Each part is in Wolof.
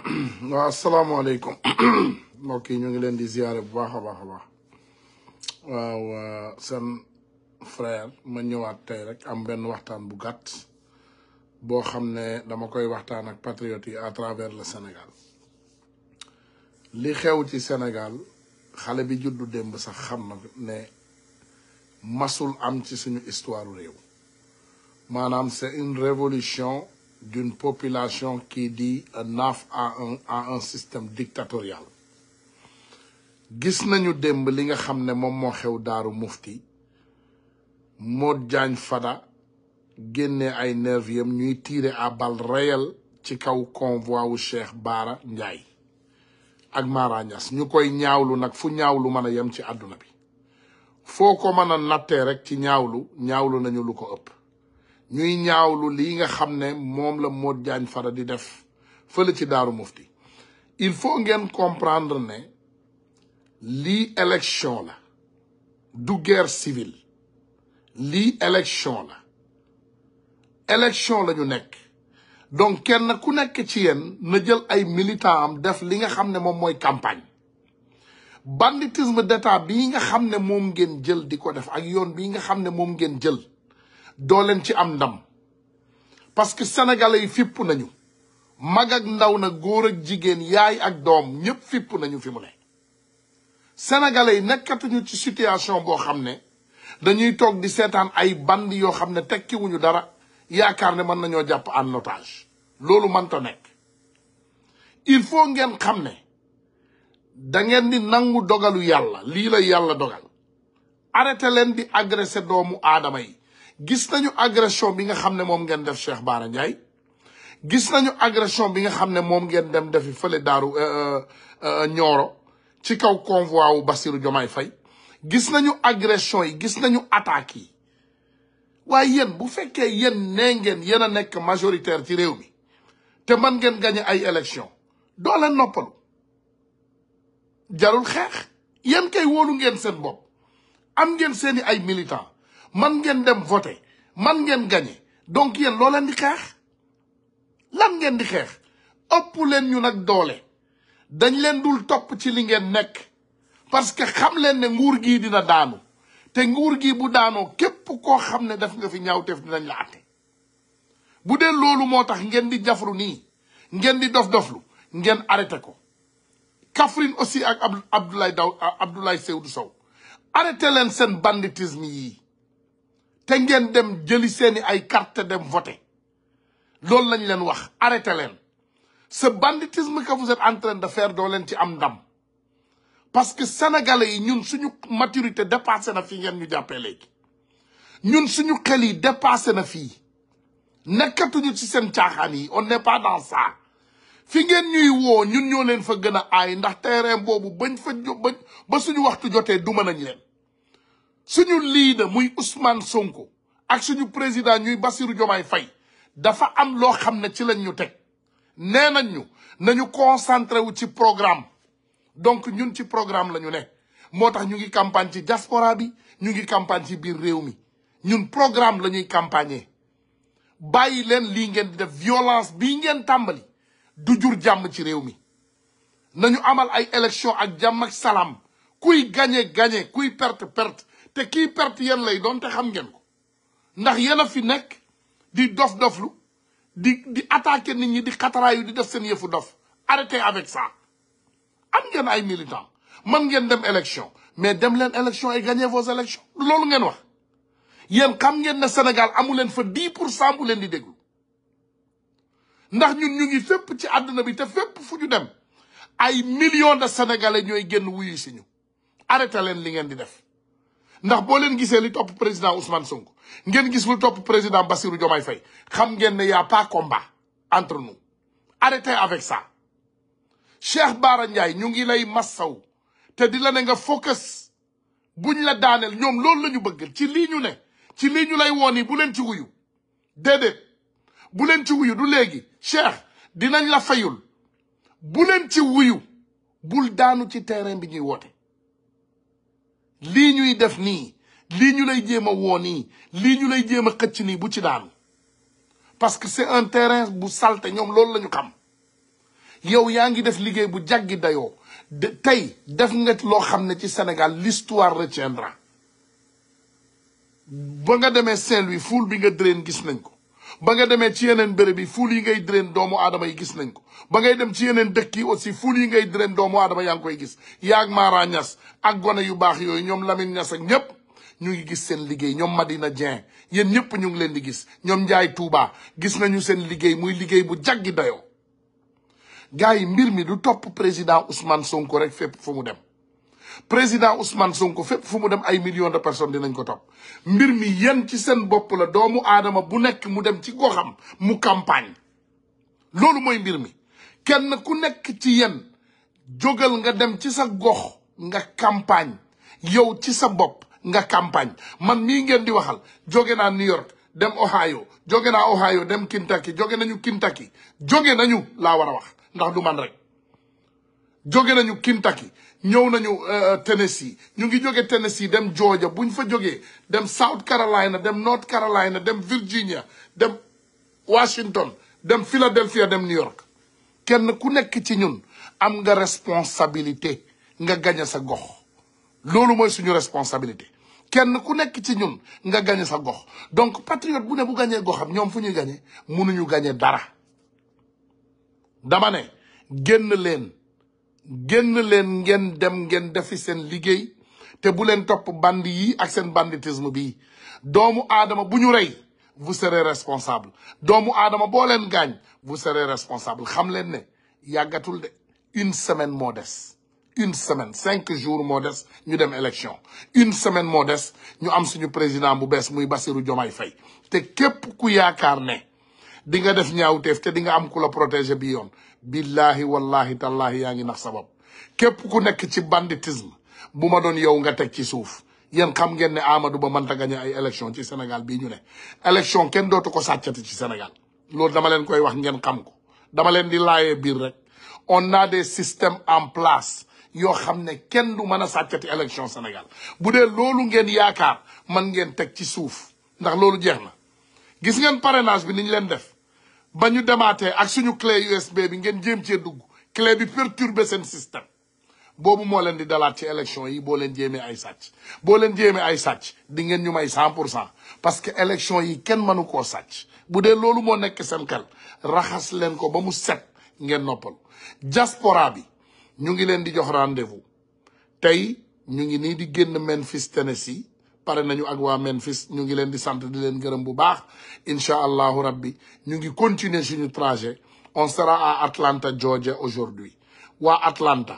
waaw asalaamaaleykum mbokk yi ñu ngi leen di ziare bu baax a baax a baax waaw euh, seen frère ma ñëwaat tey rek am benn waxtaan bu gàtt boo xam ne dama koy waxtaan ak patriotes yi à travers le Sénégal li xew ci Sénégal xale bi juddu démb sax xam na ne masul am ci suñu histoire réew maanaam c'est une révolution d'une population qui dit naaf à un à un système dictatorial gis nañu démb li nga xam ne moom moo xew daaru mufti moo Diagne Fada génne ay nerviam ñuy tirer à balles réelles ci kaw convoi wu Cheikh Bara Ndiaye ak Mara Niass ñu koy ñaawlu nag fu ñaawlu mën a yem ci àdduna bi foo ko mën a nattee rek ci ñaawlu ñaawlu nañu lu ko ëpp ñuy ñaawlu lii nga xam ne moom la moo Diagne Fada di def fële ci Daaru Mufti il faut ngeen comprendre ne lii élection la du guerre civile lii élection la élection la ñu nekk donc kenn ku nekk ci yenn na jël ay militant am def li nga xam ne moom mooy campagne banditisme d'état bii nga xam ne moom ngeen jël di ko def ak yoon bii nga xam ne moom ngeen jël doo leen ci am ndam parce que sénégalais yi fipp nañu mag ndaw na góor ak jigéen yaay ak doom ñëpp fipp nañu fi mu ne sénégalais yi nekkatuñu ci situation boo xam ne dañuy toog di seetaan ay band yoo xam ne tekkiwuñu dara yaakaar ne mën nañoo jàpp en otage loolu mënta nekk il faut ngeen xam ne da ngeen di nangu dogalu yàlla lii la yàlla dogal arrêté leen di agressé doomu aadama yi gis nañu agression bi nga xam ne moom ngeen def Cheikh Bara Ndiaye gis nañu agression bi nga xam ne moom ngeen dem defi fële daaru euh, euh, euh, Nioro ci kaw convoi wu Bassirou Diomaye Faye gis nañu agression yi gis nañu attaques yi waaye yéen bu fekkee yéen nee ngeen yéen a nekk majoritaire ci réew mi te man ngeen gagné ay élection doo leen noppalu jarul xeex yéen kay wóolu ngeen seen bopp am ngeen seeni ay militant man ngeen dem voter man ngeen gagner donc yéen loo leen di xeex lan ngeen di xeex ëpp leen ñu nag doole dañ leen dul topp ci li ngeen nekk parce que xam leen ne nguur gii dina daanu te nguur gi bu daanoo képp ko xam ne def nga fi ñaaw ñaawteef dinañ la àtte bu dee loolu moo tax ngeen di jafru nii ngeen di dof-doflu ngeen arrêté ko Kaffrine aussi ak Abdoulaye Daw sew Seydou Sow arrêté leen seen banditisme yii te ngeen dem jëli seeni ay carte dem voter loolu lañ leen wax arrêté leen ce banditisme que vous êtes en de faire doo leen ci am ndam parce que sénégalais yi ñun suñu maturité dépassé na fii ngeen ñu jàppee léegi ñun suñu xel yi dépassé na fii nekkatuñu ci seen caaxaan yi on n'est pas dans ça fi ngeen ñuy woo ñun ñoo leen fa gën a aay ndax terrain boobu bañ fa bañ ba suñu waxtu jotee duma nañ leen suñu leader muy usmaan Sonko ak suñu président ñuy Bassirou Diomaye fay dafa am loo xam ne ci lañ ñu teg nee nañ ñu nañu concentré wu ci programme donc ñun ci programme la ñu ne moo tax ñu ngi campagne ci diaspora bi ñu ngi campagne ci biir réew mi ñun programme la ñuy campagner bàyyi leen lii ngeen di def violence bii ngeen tàmbali du jur jàmm ci réew mi nañu amal ay élection ak jàmm ak salaam kuy gañe gagné kuy perte perte te kii perte yéen lay doon te xam ngeen ko ndax yéen fi nekk di dof doflu di di attaquer nit ñi di xataraayu di def seen yëfu dof arrêtez avec ça am ngeen ay militants man ngeen dem élection mais dem leen élection et gagner vos élections loolu ngeen wax yéen xam ngeen ne Sénégal amu leen fa 10 pour cent bu leen di déglu ndax ñun ñu ngi fépp ci àdduna bi te fépp fu ñu dem ay millions de sénégalais ñooy génn wuyu si ñu arrêté leen li ngeen di def. ndax boo leen gisee li topp président Ousmane Sonko ngeen gis lu topp président Bassirou Diomaye Faye xam ngeen ne y a pas combat entre nous arrêtez avec ça Cheikh Bara Ndiaye ñu ngi lay massaw te di la ne nga focus buñ la daaneel ñoom loolu la ñu bëgg ci lii ñu ne ci lii ñu lay woon yi bu leen ci wuyu déedéet bu leen ci wuyu du léegi Cheikh dinañ la fayul bu leen ci wuyu bul daanu ci terrain bi ñuy woote lii ñuy def nii lii ñu lay jéem a woo nii lii ñu lay jéem a xëcc nii bu ci daanu parce que c'est un terrain bu salte ñoom loolu lañu xam yow yaa ngi def liggéey bu jàggi dayoo de tey def nga loo xam ne ci Sénégal l'histoire retiendra ba nga demee Saint-Louis foule bi nga drain gis nañ ko ba nga demee ci yeneen béréb yi fuul yi ngay drain doomu aadama yi gis nañ ko ba ngay dem ci yeneen dëkk yi aussi fuul yi ngay drain doomu aadama yaa ngi koy gis yaag Mara Niass ak gone yu baax yooyu ñoom Lamine Niass ak ñëpp ñu ngi gis seen liggéey ñoom Madina Dieng yéen ñëpp ñu ngi leen di gis ñoom Ndiaye Touba gis nañu seen liggéey muy liggéey bu jaggi dayoo gars yi mbir mi lu topp président Ousmane Sonko rek fépp fu mu dem président Ousmane Sonko fépp fu mu dem ay millions de personnes dinañ ko topp mbir mi yéen ci seen bopp la doomu aadama bu nekk mu dem ci goxam mu campagne loolu mooy mbir mi kenn ku nekk ci yéen jógal nga dem ci sa gox nga campagne yow ci sa bopp nga campagne man mii ngeen di waxal jóge naa New York dem Ohio jóge naa Ohio dem Kentucky joge nañu Kentucky jóge nañu laa war a wax ndax du man rek jóge nañu Kentucky ñëw nañu euh, euh, Tennessee ñu ngi jóge Tennessee dem jooja bu ñu fa jógee dem South Carolina dem North Carolina dem Virginia dem Washington dem Philadelphia dem New York kenn ku nekk ci ñun am nga responsabilité nga gaña sa gox loolu mooy suñu responsabilité kenn ku nekk ci ñun nga gaña sa gox donc patriote bu ne bu gañee goxam ñoom fu ñuy munu ñu gañee dara dama ne génn leen génn leen ngeen dem ngeen defi seen liggéey te bu leen topp band yi ak seen banditisme bi doomu aadama bu ñu rey vous serez responsable doomu aadama boo leen gaañ vous serez responsable xam leen ne yàggatul de une semaine moo des une semaine cinq jours moo des ñu dem élection une semaine moo des ñu am suñu président bu bees muy Bassirou Diomaye Faye te képp ku yaakaar ne di nga def ñaawteef te di nga am ku la protéger bi yoon billahi wallahi tallahi yaa ngi nax sabab képp ku nekk ci banditisme bu ma doon yow nga teg ci suuf yéen xam ngeen ne Amadou Ba mënta gagné ay élection ci Sénégal bii ñu ne élection kenn dootu ko sàccati ci Sénégal loolu dama leen koy wax ngeen xam ko dama leen di laayee biir rek on a des systèmes en place yoo xam ne kenn du mën a sàccati élection Sénégal bu dee loolu ngeen yaakaar man ngeen teg ci suuf ndax loolu jeex na gis ngeen parrainage bi ni ñu leen def ba ñu demaatee ak suñu clé USB bi ngeen jéem cee dugg clé bi perturber seen système boobu moo leen di dalaat ci élection yi boo leen jéemee ay sàcc boo leen jéemee ay sàcc di ngeen ñu may cent pour cent parce que élection yi kenn mënu koo sàcc bu dee loolu moo nekk seen xel raxas leen ko ba mu set ngeen noppal diaspora bi ñu ngi leen di jox rendez-vous tey ñu ngi nii di génn Memphis Tennessee pare nañu ak waa Memphis ñu ngi leen di sant di leen gërëm bu baax incha allahu rabbi ñu ngi continuer suñu trajet on sera à Atlanta Georgia aujourd'hui waa Atlanta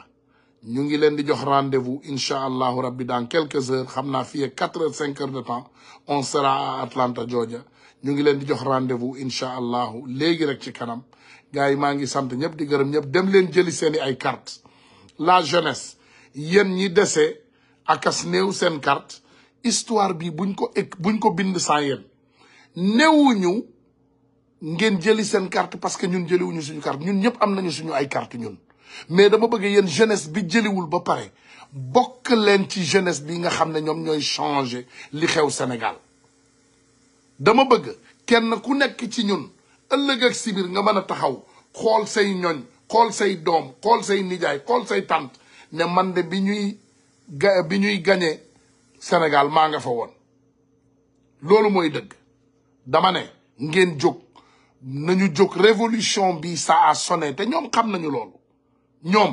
ñu ngi leen di jox rendez-vous incha allahu rabbi dans quelques heures xam na fii quatre heures cinq heures de temps on sera à Atlanta Georgia ñu ngi leen di jox rendez-vous incha allahu léegi rek ci kanam gars yi maa ngi sant ñëpp di gërëm ñëpp dem leen jëli seeni ay carte la jeunesse yéen ñi dese akas néew seen carte histoire bi buñ ko buñ ko bind sans yéen newuñu ngeen jëli seen carte parce que ñun jëliwuñu suñu carte ñun ñëpp am nañu suñu ay carte ñun mais dama bëgg yéen jeunesse bi jëliwul ba pare bokk leen ci jeunesse bi nga xam ne ñoom ñooy changer li xew Sénégal dama bëgg kenn ku nekk ci ñun ëllëg ak sibir nga mën a taxaw xool say ñoñ xool say doom xool say nijaay xool say tànt ne man de bi ñuy ga bi ñuy gañee Sénégal maa nga fa woon loolu mooy dëgg dama ne ngeen jóg nañu jóg révolution bi saa a te ñoom xam nañu loolu ñoom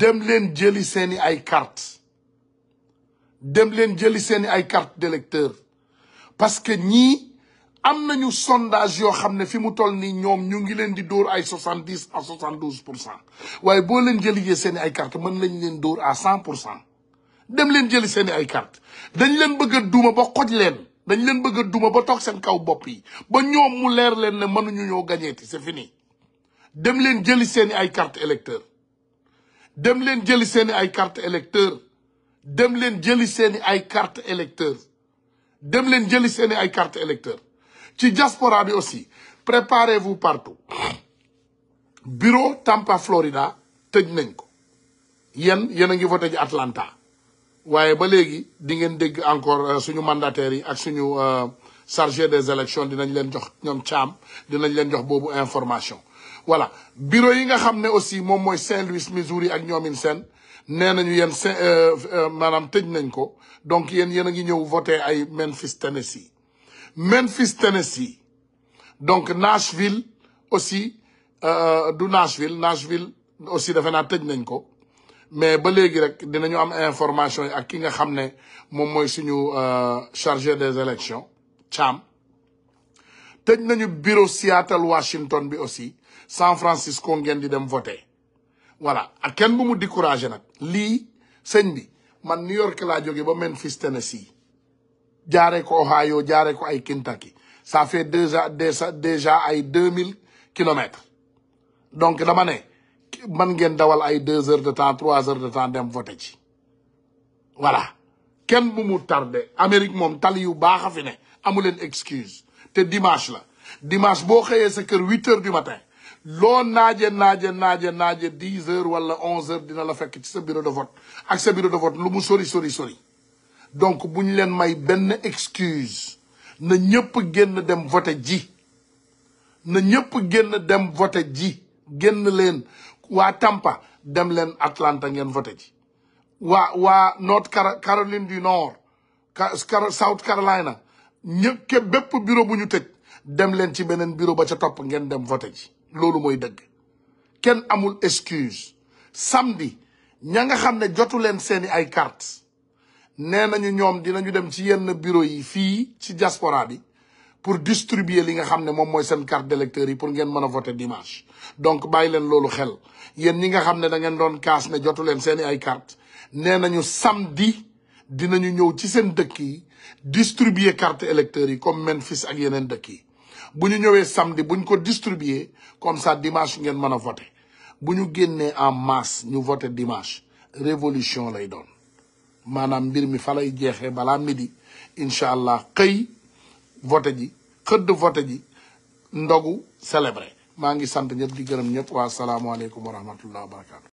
dem leen jëli seeni ay carte dem leen jëli seeni ay carte d'électeur parce que ñii am nañu sondage yoo xam ne fi mu toll nii ñoom ñu ngi leen di dóor ay soixante dix à soixante douze pour cent waaye boo leen jëligee seeni ay carte mën nañ leen dóor à cent pour cent dem leen jëli seeni ay cartes dañ leen bëgg a duma ba xoj leen dañ leen bëgg a duma ba toog seen kaw bopp yi ba ñoom mu leer leen ne mënuñu ñoo gañeeti c'est fini dem leen jëli seeni ay cartes électeur dem leen jëli seeni ay carte électeur dem leen jëli seeni ay carte électeur dem leen jëli seeni ay carte électeur ci diaspora bi aussi préparez-vous partout bureau Tampa Florida tëj nañ ko yéen yéen a ngi voté ji Atlanta waaye ba léegi di ngeen dégg encore euh, suñu mandataires yi ak suñu euh, chargé des élections dinañ leen jox ñoom caam dinañ leen jox boobu information voilà bureau yi nga xam ne aussi moom mooy Saint-Louis Missouri ak ñoomin seen nee nañu yéen sa euh, maanaam tëj nañ ko donc yéen yéen a ngi ñëw voté ay Memphis Tennessee Memphis Tennessee donc Nashville aussi du Nashville Nashville aussi defe naa tëj nañ ko mais ba léegi rek dinañu am information yi ak ki nga xam ne moom mooy suñu euh, chargé des élections Cham tëj nañu bureau Seattle Washington bi aussi San Francisco ngeen di dem voter voilà a kenn bu mu découragé nag lii sëñ bi man New York laa jóge ba Memphis Tennessee jaaree ko Ohio jaaree ko ay Kentucky ça fait déjà déjà déjà ay deux mille kilomètres donc dama ne man ngeen dawal ay deux heures de temps trois heures de temps dem voté ci voilà kenn bu mu tardé Amérique moom tali yu baax a amu leen excuse te dimanche la dimanche boo xëyee sa kër huit heures du matin loo naaje naaje naaje naaje dix heures wala onze heures dina la fekk ci sa biro de vote ak sa bureau de vote lu mu sori sori sori donc bu ñu leen may benn excuse na ñëpp génn dem voté ji na ñëpp génn dem voté ji génn leen waa Tampa dem leen Atlanta ngeen voté ci waa waa North Caroline du Nord South Carolina ñëpp képp bépp bureau bu ñu tëj dem leen ci beneen bureau ba ca topp ngeen dem voté ji loolu mooy dëgg kenn amul excuse samedi ña nga xam ne jotu leen seeni ay carte nee nañu ñoom dinañu dem ci yenn bureau yi fii ci diaspora bi pour distribuer li nga xam ne moom mooy seen carte d'électeur yi pour ngeen mën a voter dimanche donc bàyyi leen loolu xel yéen ñi nga xam ne da ngeen doon kaas ne jotu leen seeni ay carte nee nañu samedi dinañu ñëw ci seen dëkk yi distribuer carte électeurs yi comme Memphis ak yeneen dëkk yi bu ñu ñëwee samedi bu ñu ko distribuer comme ça dimanche ngeen mën a voter bu ñu génnee en masse ñu voter dimanche révolution lay doon maanaam mbir mi fa lay jeexee balaa midi incha allah voté ji xëdd voté ji ndogu célébré maa ngi sant ñëpp di gërëm ñëpp waa salaamualeykum wa rahmatullah wa barakatu